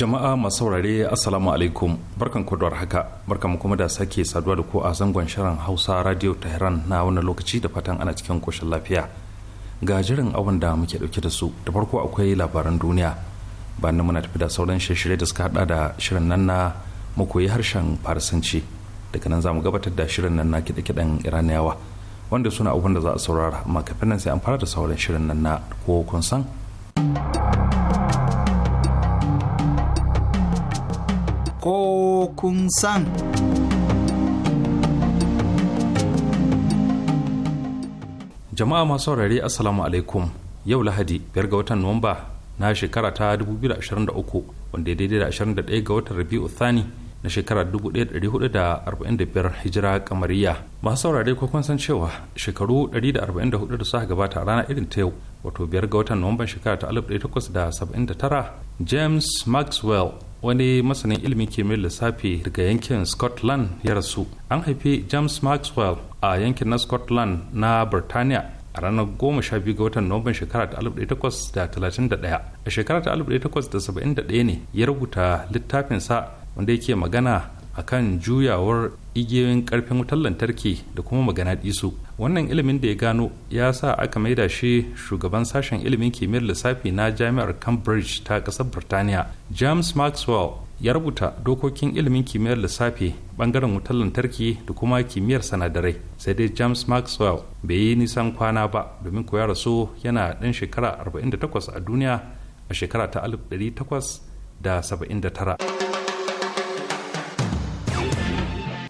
jama'a masu saurare assalamu alaikum barkan ku haka barkan kuma da sake saduwa da ku a zangon shirin hausa radio tehran na wannan lokaci da fatan ana cikin koshin lafiya ga jirin abin da muke dauke da su da farko akwai labaran duniya bayan muna tafi da sauran shirye da suka hada da shirin nan na mu yi harshen farisanci daga nan za mu gabatar da shirin nan na kiɗe-kiɗen iraniyawa wanda suna abin da za a saurara amma kafin nan sai an fara da sauran shirin nan na ko kun san ko kun san. Jama'a masu saurari Assalamu alaikum yau Lahadi biyar ga watan Nuwamba na shekara ta 2023 wanda ya daidai da 21 ga watan Rabi'u Thani na shekara 1445 hijira kamariya masu saurari ko kun san cewa shekaru 144 da suka gabata a rana irin ta yau wato biyar ga watan nuwamban shekara ta 1879 james maxwell wani masanin ilimin kimiyyar lissafi daga yankin scotland ya rasu an haifi james maxwell a yankin na scotland na birtaniya a ranar 12 ga watan nuwamban shekara ta 1831 a shekara ta 1871 ne ya rubuta littafinsa wanda yake magana akan juyawar igiyoyin karfin wutar lantarki da kuma magana disu wannan ilimin da ya gano ya sa aka maida shi shugaban sashen ilimin kimiyyar lissafi na jami'ar cambridge ta ƙasar birtaniya james maxwell ya rubuta dokokin ilimin kimiyyar lissafi bangaren wutar lantarki da kuma kimiyyar sanadarai sai dai james maxwell bai yi nisan kwana ba domin koya rasu yana ɗan shekara 48 a duniya a shekara ta 1879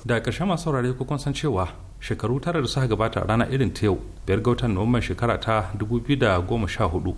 da ƙarshen masu saurare kun san cewa shekaru tara da suka gabata a rana irin ta yau biyar ga watan nuwamban shekara ta 2014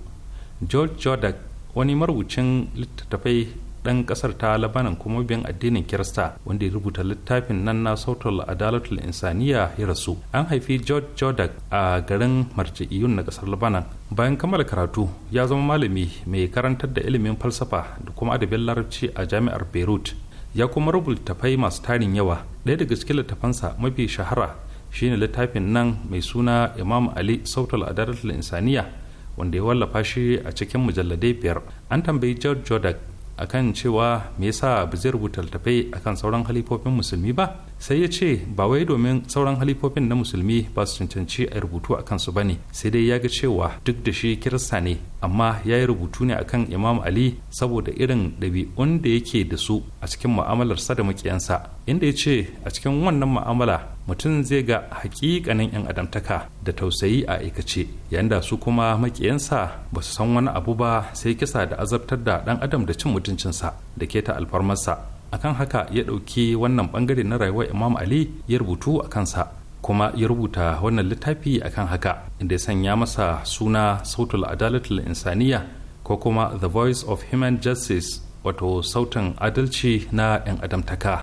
george jordan wani marubucin littattafai ɗan ƙasar ta labanan kuma biyan addinin kirista wanda ya rubuta littafin nan na sautul adalatul insaniya ya rasu an haifi george jordan a garin iyun na ƙasar labanan bayan kammala karatu ya zama malami mai karantar da ilimin falsafa da kuma adabin larabci a jami'ar beirut ya kuma rubuta tafai masu tarin yawa ɗaya daga cikin littafansa mafi shahara shine littafin nan mai suna imam ali sautal adaratul insaniya wanda ya wallafa shi a cikin mujalladai biyar an tambayi george jordan akan cewa me yasa ba zai rubuta littafai akan sauran halifofin musulmi ba sai ya ce ba wai domin sauran halifofin na musulmi ba su cancanci a rubutu a kansu ba ne sai dai ya ga cewa duk da shi kirista ne amma ya yi rubutu ne akan imam ali saboda irin ɗabi'un da yake da su a cikin mu'amalarsa da makiyansa inda ya ce a cikin wannan mu'amala mutum zai ga hakikanin 'yan adamtaka da tausayi a aikace yayin da su kuma makiyansa ba su san wani abu ba sai kisa da azabtar da ɗan adam da cin mutuncinsa da keta alfarmarsa akan haka ya ɗauki wannan bangare na rayuwar imam ali ya rubutu a kansa kuma ya rubuta wannan littafi akan haka inda ya sanya masa suna sautul adalatul insaniya ko kuma the voice of human justice wato sautin adalci na 'yan adamtaka.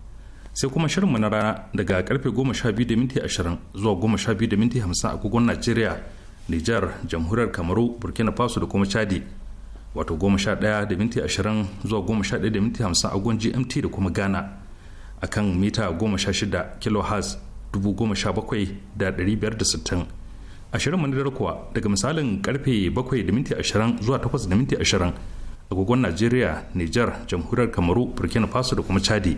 sai kuma shirinmu na rana daga karfe 12:20 zuwa 12:50 a kogon Najeriya, Nijar, Jamhuriyar Kamaru, Burkina Faso da kuma Chadi. Wato 11:20 zuwa 11:50 a agon GMT da kuma Ghana a kan mita 16 kHz 17,560. A shirinmu na dare kuwa daga misalin karfe 7:20 zuwa 8:20 agogon Najeriya, Nijar, Jamhuriyar Kamaru, Burkina Faso da kuma Chadi.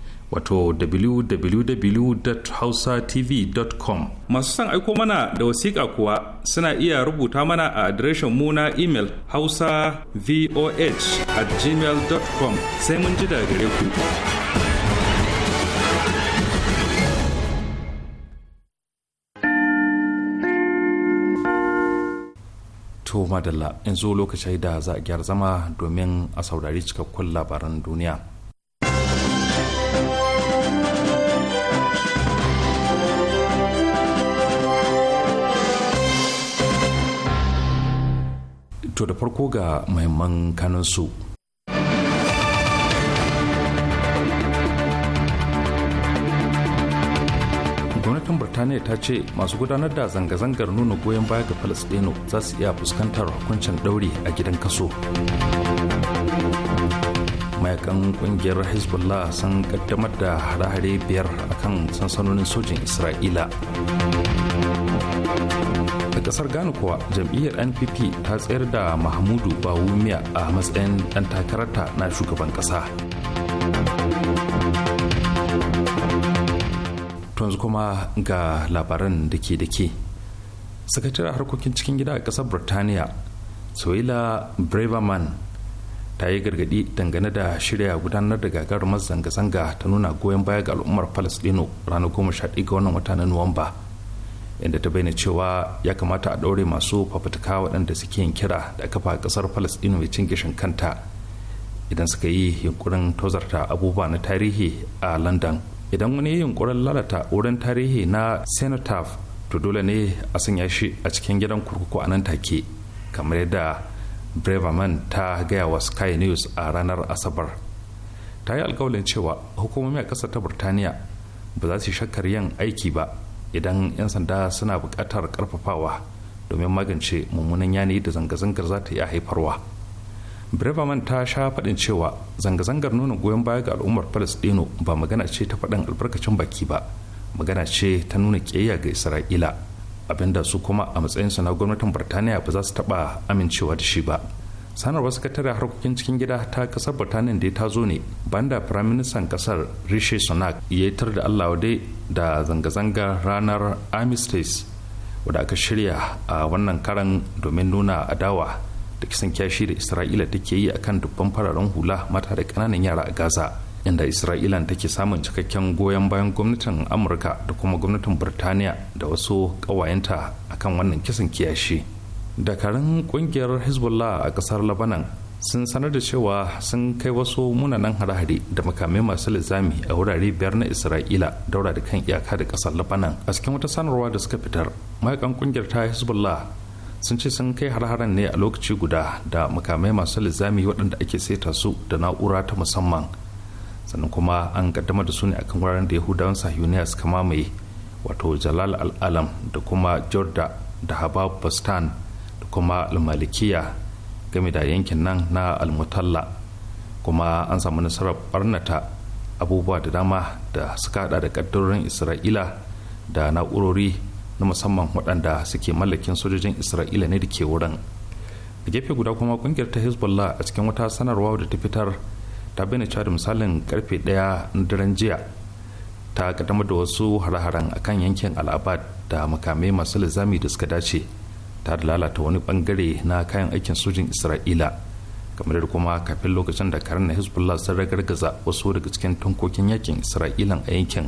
wato www.hausatv.com masu son aiko mana da wasiƙa kuwa suna iya rubuta mana a adireshin mu na imel hausa voh at gmail.com sai mun ji da gare ku to madalla yanzu lokacin da za a gyara zama domin a saurari cikakkun labaran duniya To da farko ga muhimman kanansu. Gwamnatin Birtaniya ta ce masu gudanar da zanga-zangar nuna goyon baya ga Falasɗinu za su iya fuskantar hukuncin ɗauri a gidan kaso. mayakan kungiyar hezbollah sun kaddamar da hare-hare biyar akan sansanonin sojin isra'ila kasar ghana kuwa jam'iyyar npp ta tsayar da mahmudu bawumia a matsayin ɗan takararta na shugaban kasa. yanzu kuma ga labaran da ke da ke sakataren harkokin cikin gida a kasar birtaniya soila braverman ta yi gargadi dangane da shirya gudanar da gagarumar zanga-zanga ta nuna goyon baya ga al'ummar palestino ranar 11 ga wannan wata na nuwamba inda ta bayyana cewa ya kamata a ɗaure masu fafutuka waɗanda suke yin kira da kafa ƙasar falasɗinu mai cin gishin kanta idan suka yi yunkurin tozarta abubuwa na tarihi a london idan wani yunkurin lalata wurin tarihi na cenotaph to dole ne a sanya shi a cikin gidan kurkuku a nan take kamar yadda breverman ta gaya wa sky news a ranar asabar ta yi alkawalin cewa hukumomi a ƙasar ta burtaniya ba za su shakkar yin aiki ba idan 'yan sanda suna bukatar karfafawa domin magance mummunan yanayi da zanga-zangar za ta iya haifarwa breverman ta sha faɗin cewa zanga-zangar nuna goyon baya ga al'ummar palestino ba magana ce ta faɗin albarkacin baki ba magana ce ta nuna ƙiyayya ga isra'ila abinda su kuma a matsayinsu na gwamnatin birtaniya ba za su taɓa amincewa da shi ba sanarwar sakataren harkokin cikin gida ta kasar birtaniya da ta zo ne banda firaministan kasar rishi sunak ya yi da allah da zanga-zanga ranar armistice wadda aka shirya a wannan karan domin nuna adawa da kisan kyashi da isra'ila take yi akan dubban fararen hula mata da kananan yara a gaza inda isra'ila take samun cikakken goyon bayan gwamnatin amurka da kuma gwamnatin birtaniya da wasu ƙawayenta akan wannan kisan kiyashi dakarun kungiyar hezbollah a kasar labanan sun sanar da cewa sun kai wasu munanan hare da makamai masu lizami a wurare biyar na isra'ila daura da kan iyaka da kasar labanan a cikin wata sanarwa da suka fitar mayakan kungiyar ta hezbollah sun ce sun kai har ne a lokaci guda da makamai masu lizami waɗanda ake saita su da na'ura ta musamman sannan kuma an kaddama da su ne akan wuraren da yahudawan sahiyuniya suka mamaye wato jalal al'alam da kuma jorda da habab bastan kuma almalikiya game da yankin nan na almutalla kuma an samu nasarar barnata abubuwa da dama da suka hada da kaddarorin isra'ila da na'urori na musamman waɗanda suke mallakin sojojin isra'ila ne da ke wurin a gefe guda kuma kungiyar ta hezbollah a cikin wata sanarwa da ta fitar ta bayyana cewa da misalin karfe ɗaya na daren jiya ta kaddamar da wasu hare-haren akan yankin al'abad da makamai masu lizami da suka dace ta da lalata wani bangare na kayan aikin sojin isra'ila kamar da kuma kafin lokacin da karin na hezbollah sun ragargaza wasu daga cikin tunkokin yakin isra'ilan a yankin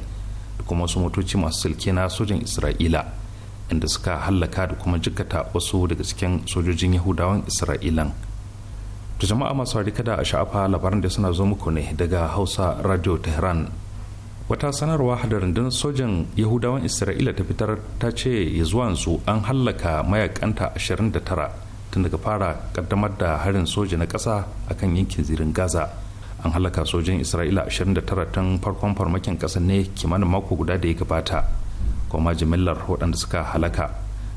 da kuma wasu motoci masu silke na sojin isra'ila inda suka hallaka da kuma jikata wasu daga cikin sojojin yahudawan isra'ilan da jama'a masu da a sha'afa labaran da suna zo muku ne daga hausa radio tehran wata sanarwa da rundunar sojan yahudawan isra'ila ta fitar ta ce ya zuwa yanzu an hallaka mayakanta 29 tun daga fara kaddamar da harin soja na ƙasa kan yankin zirin gaza an hallaka sojan isra'ila 29 tun farkon farmakin ƙasa ne kimanin mako guda da ya gabata kuma jimillar waɗanda suka halaka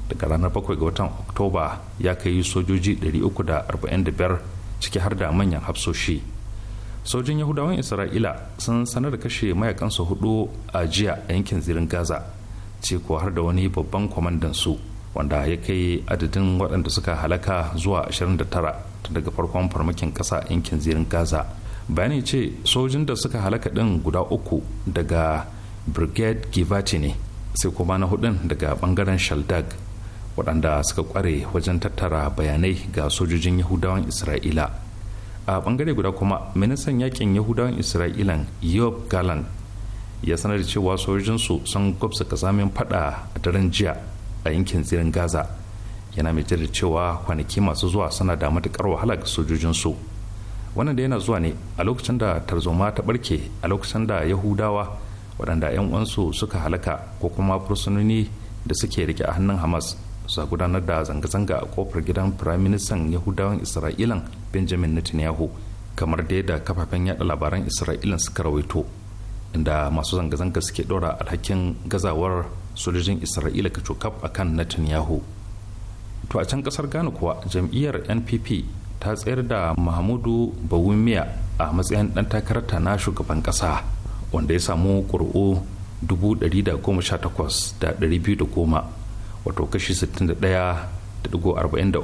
daga ranar 7 ga watan oktoba ya kai sojoji 345 ciki har da manyan hafsoshi sojin yahudawan isra'ila sun sanar da kashe mayakansu hudu a jiya a yankin zirin gaza ce ko har da wani babban kwamandan su wanda ya kai adadin waɗanda suka halaka zuwa 29 daga farkon farmakin ƙasa yankin zirin gaza bayani ce sojin da suka halaka ɗin guda uku daga brigade givati ne sai kuma na hudun daga bangaren shaldag waɗanda suka kware wajen tattara bayanai ga sojojin yahudawan isra'ila a bangare guda kuma ministan yakin yahudawan isra'ilan yob galan ya sanar da cewa sojojinsu sun gwabsa kasamin fada a daren jiya a yankin tsirin gaza yana mai da cewa kwanaki masu zuwa suna da matukar wahala ga sojojinsu wannan da yana zuwa ne a lokacin da tarzoma ta barke a lokacin da yahudawa waɗanda 'yan uwansu suka halaka ko kuma fursunoni da suke rike a hannun hamas sa gudanar da zanga-zanga a kofar gidan firaministan yahudawan isra'ilan benjamin netanyahu kamar dai da kafafen yada labaran isra'ilan suka rawaito inda masu zanga-zanga suke dora alhakin gazawar sojojin isra'ila ka cokaf a kan netanyahu to a can kasar ghana kuwa jam'iyyar npp ta tsayar da mahmudu bawumia a matsayin dan takarata na shugaban kasa wanda ya samu ƙuri'u 118,210 wato kashi 61.43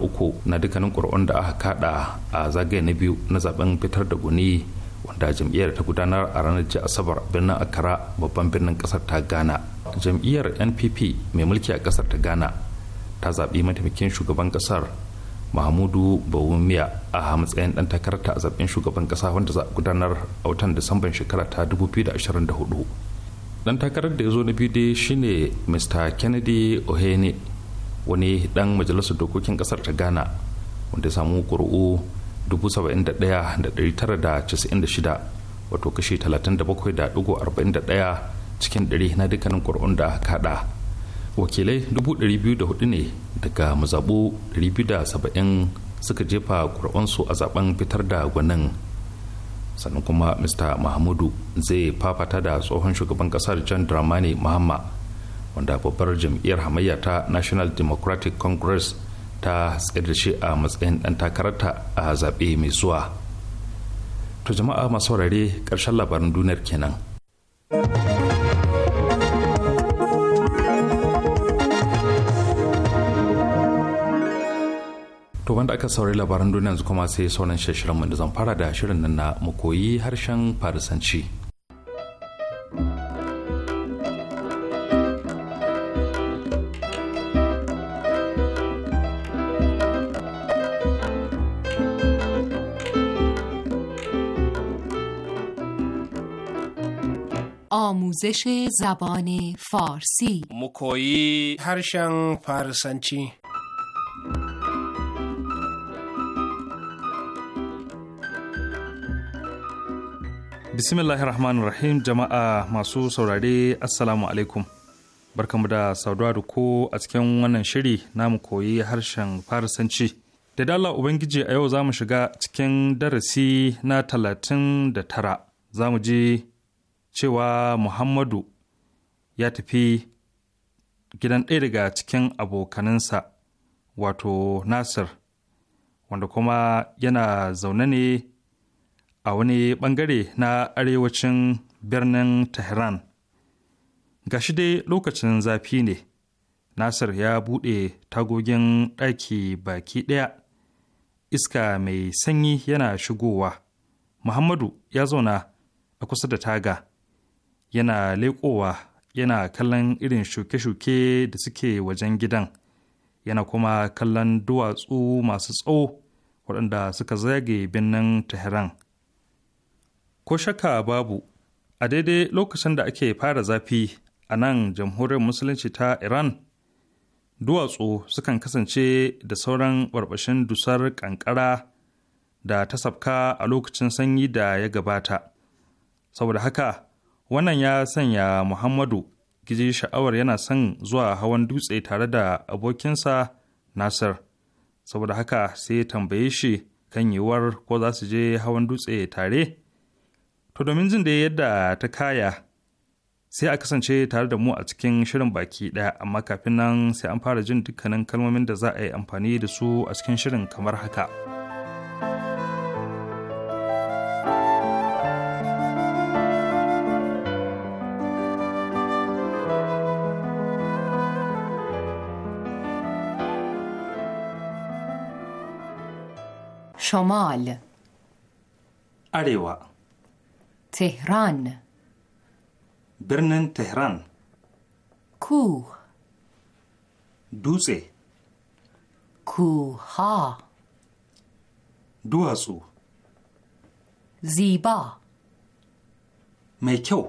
na dukkanin ƙuri'un da aka kada a zagaye na biyu na zaben fitar da guni wanda jam'iyyar ta gudanar a ranar ji asabar birnin akara babban birnin ƙasar ta ghana jam'iyyar npp mai mulki a ƙasar ta ghana ta zaɓi mataimakin shugaban ƙasar mahmudu bawumiya a matsayin ɗan takarta a zaɓen shugaban ƙasa wanda za a gudanar a watan disamban shekara ta 2024 dan takarar da ya zo na biyu dai shine mr kennedy ohene wani dan majalisar dokokin kasar ta ghana wanda ya samu ƙuri'u 71,996 wato kashi 37.41 cikin ɗari na dukkanin ƙuri'un da kada wakilai 204 ne daga mazabu 270 suka jefa ƙuri'unsu a zaben fitar da gwanin sannan kuma mr mahmudu zai fafata da tsohon shugaban kasar john dramani mahama wanda babbar jam'iyyar hamayya ta national democratic congress ta da shi a matsayin ɗan takararta a zaɓe mai zuwa to jama'a masu ƙarshen labarin duniyar kenan. to wanda aka saurari labaran duniya yanzu kuma sai sauran shirin mu da zan fara da shirin nan na mu koyi harshen farisanci آموزش زبان فارسی مکویی هرشن فارسنچی bismillahir rahmanir rahim jama'a masu saurare assalamu alaikum barkamu da saduwa da ko a cikin wannan shiri namu koyi harshen farisanci da dala ubangiji a yau za mu shiga cikin darasi na talatin da tara za mu ji cewa muhammadu ya tafi gidan ɗaya daga cikin abokaninsa wato nasir wanda kuma yana zaune ne a wani bangare na arewacin birnin Tehran. shi dai lokacin zafi ne, Nasir ya buɗe tagogin ɗaki baki ɗaya, iska mai sanyi yana shigowa. Muhammadu ya zauna a kusa da taga, yana leƙowa yana kallon irin shuke-shuke da suke wajen gidan, yana kuma kallon duwatsu masu tsawo waɗanda suka zage birnin Tehran. ko shaka babu a daidai lokacin da ake fara zafi a nan jamhuriyar musulunci ta iran duwatsu sukan kasance da sauran barbashin dusar kankara da ta sabka a lokacin sanyi da ya gabata saboda haka wannan ya sanya muhammadu giji sha'awar yana son zuwa hawan dutse tare da abokinsa nasir saboda haka sai ya tambaye shi kan yiwuwar ko za su je hawan dutse tare To domin jin da yadda ta kaya sai a kasance tare da mu a cikin shirin baki ɗaya amma kafin nan sai an fara jin dukkanin kalmomin da za a yi amfani da su a cikin shirin kamar haka. شمال arewa. تهران برنن تهران کوه دوزه کوها دوازو زیبا میکو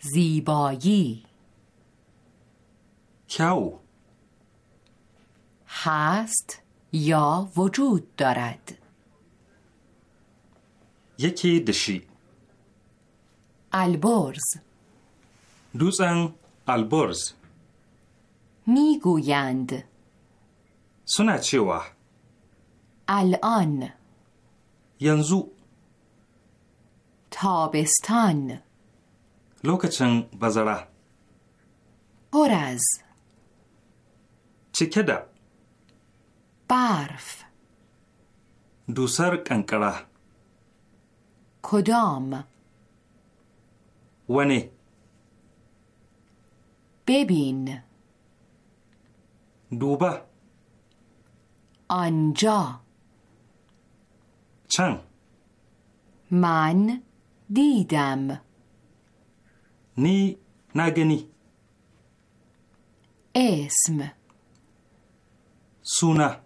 زیبایی کو هست یا وجود دارد یکی دشی البرز دوزن البرز میگویند سنا چیوا الان ینزو تابستان لوکچن بزرا پرز چکه دا برف دوسر کنکره کدام ونه ببین دوبه آنجا چند من دیدم نی نگنی اسم سونه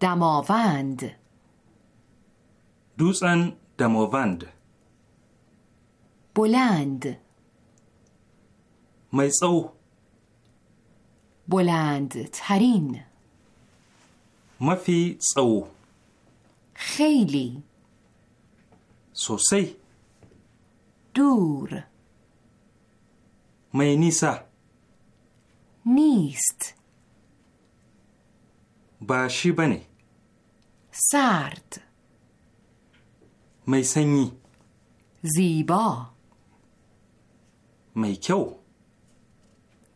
دماوند دوزن دماوند بولاند ميصو بولاند ترين ما في صو خيلي سوسي دور mai nisa نیست ba shi bane سرد sanyi می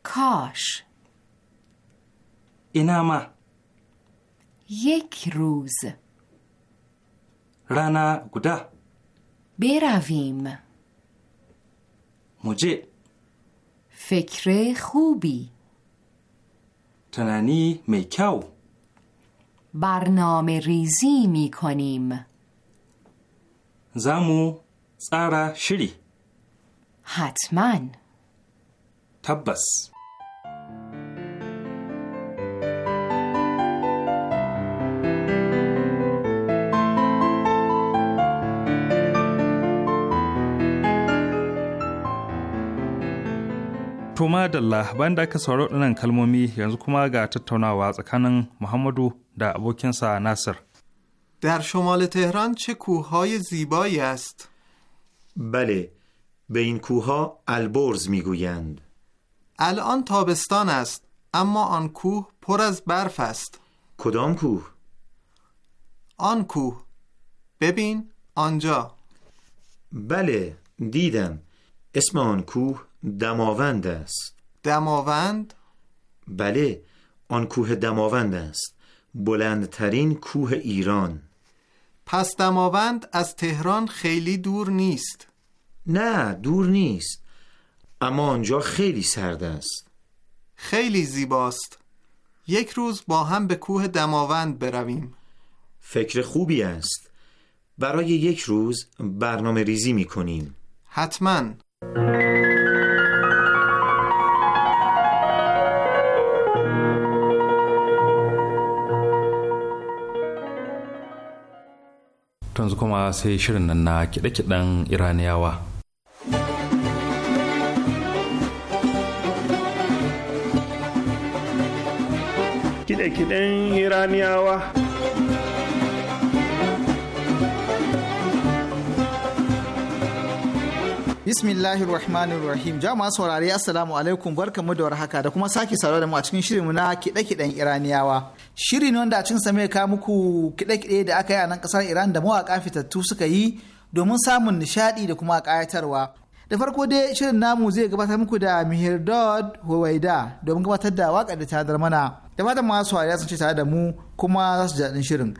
کاش اینه ما یک روز رانا گودا برویم مجه فکر خوبی تنانی میکاو برنامه ریزی می کنیم زمو سارا شری حتما تبس Tuma da bayan da aka sauraro ɗinan kalmomi yanzu kuma ga tattaunawa tsakanin Muhammadu da abokinsa Nasir. در شمال تهران چه کوههای زیبایی است؟ Bale. به این کوه البرز میگویند الان تابستان است اما آن کوه پر از برف است کدام کوه آن کوه ببین آنجا بله دیدم اسم آن کوه دماوند است دماوند بله آن کوه دماوند است بلندترین کوه ایران پس دماوند از تهران خیلی دور نیست نه دور نیست اما آنجا خیلی سرد است خیلی زیباست یک روز با هم به کوه دماوند برویم فکر خوبی است برای یک روز برنامه ریزی می کنیم حتما yanzu kuma sai shirin nan kiɗe-kiɗen iraniyawa bismillahir rahmanir rahim jama'a saurari assalamu alaikum mu da warhaka da kuma sake saurare da mu a cikin shirinmu na kiɗe iraniyawa shiri ne wanda a cikin sa ka muku kiɗe kide da aka yi a nan kasar iran da mawaka fitattu suka yi domin samun nishaɗi da kuma kayatarwa da farko dai shirin namu zai gabatar muku da mihirdod huwaida domin gabatar da waƙar da ta mana da matan masu wariya sun ce tare da mu kuma za su ji daɗin shirin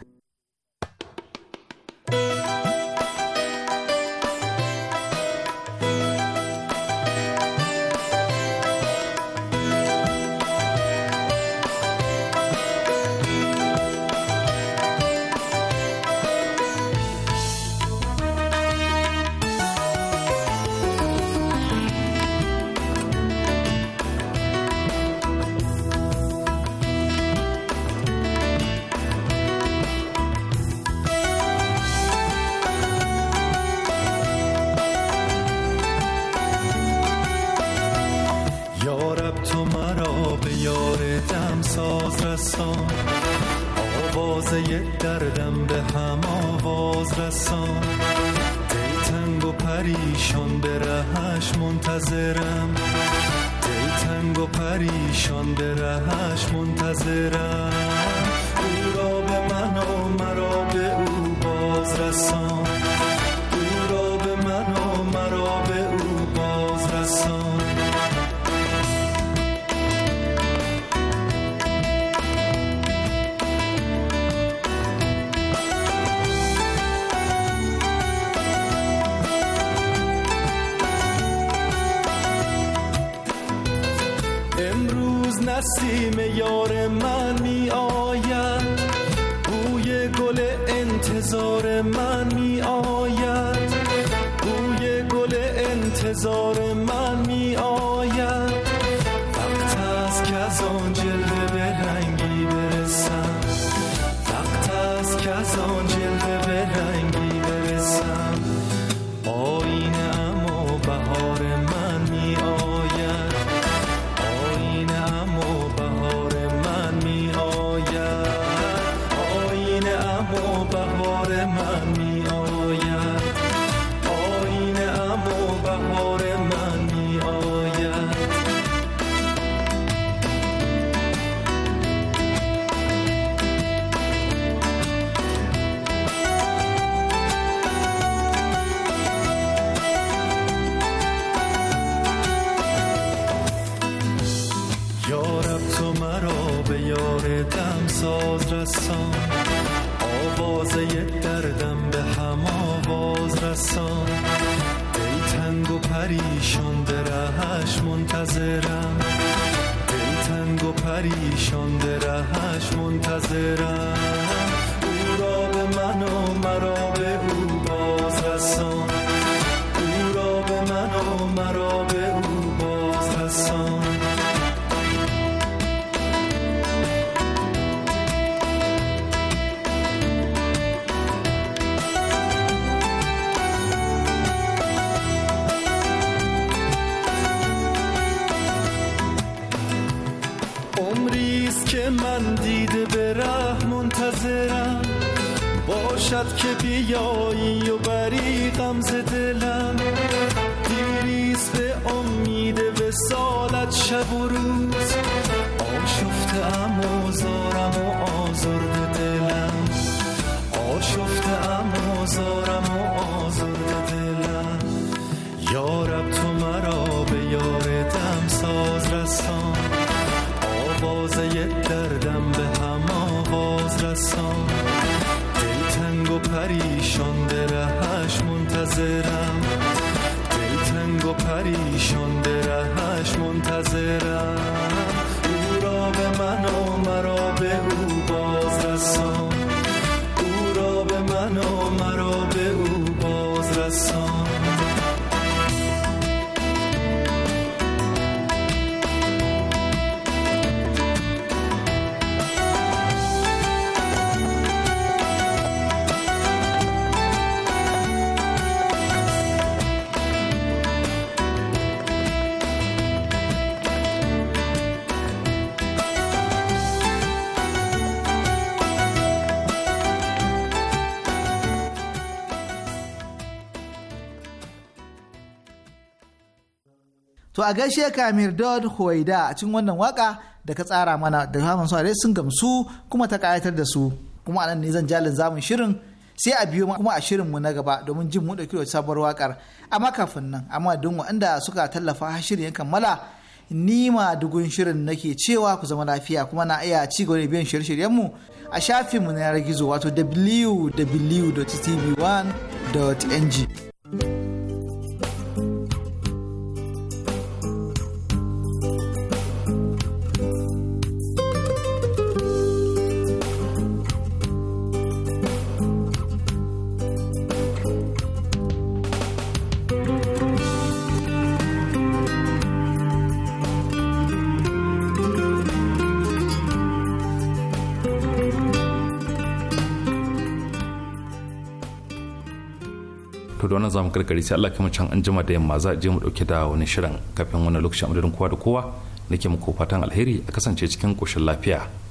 semana. دلتنگ و پریشان درهش منتظر To a gaishe ka Mirdad Huwaida a cikin wannan waka da ka tsara mana da su dai sun gamsu kuma ta kayatar da su. Kuma anan ne zan jalin zamun shirin sai a biyo kuma a shirin mu na gaba domin jin mu dauki sabuwar wakar. Amma kafin nan amma don waɗanda suka tallafa shirin ya kammala ni ma dugun shirin nake cewa ku zama lafiya kuma na iya ci gaba biyan shirye mu a shafin mu na yar gizo wato www.tv1.ng. da wannan zamu karkare sai Allah can an jima da yamma za a je mu dauke da wani shirin kafin wani lokacin amadadin kowa da kowa nake muku fatan alheri a kasance cikin koshin lafiya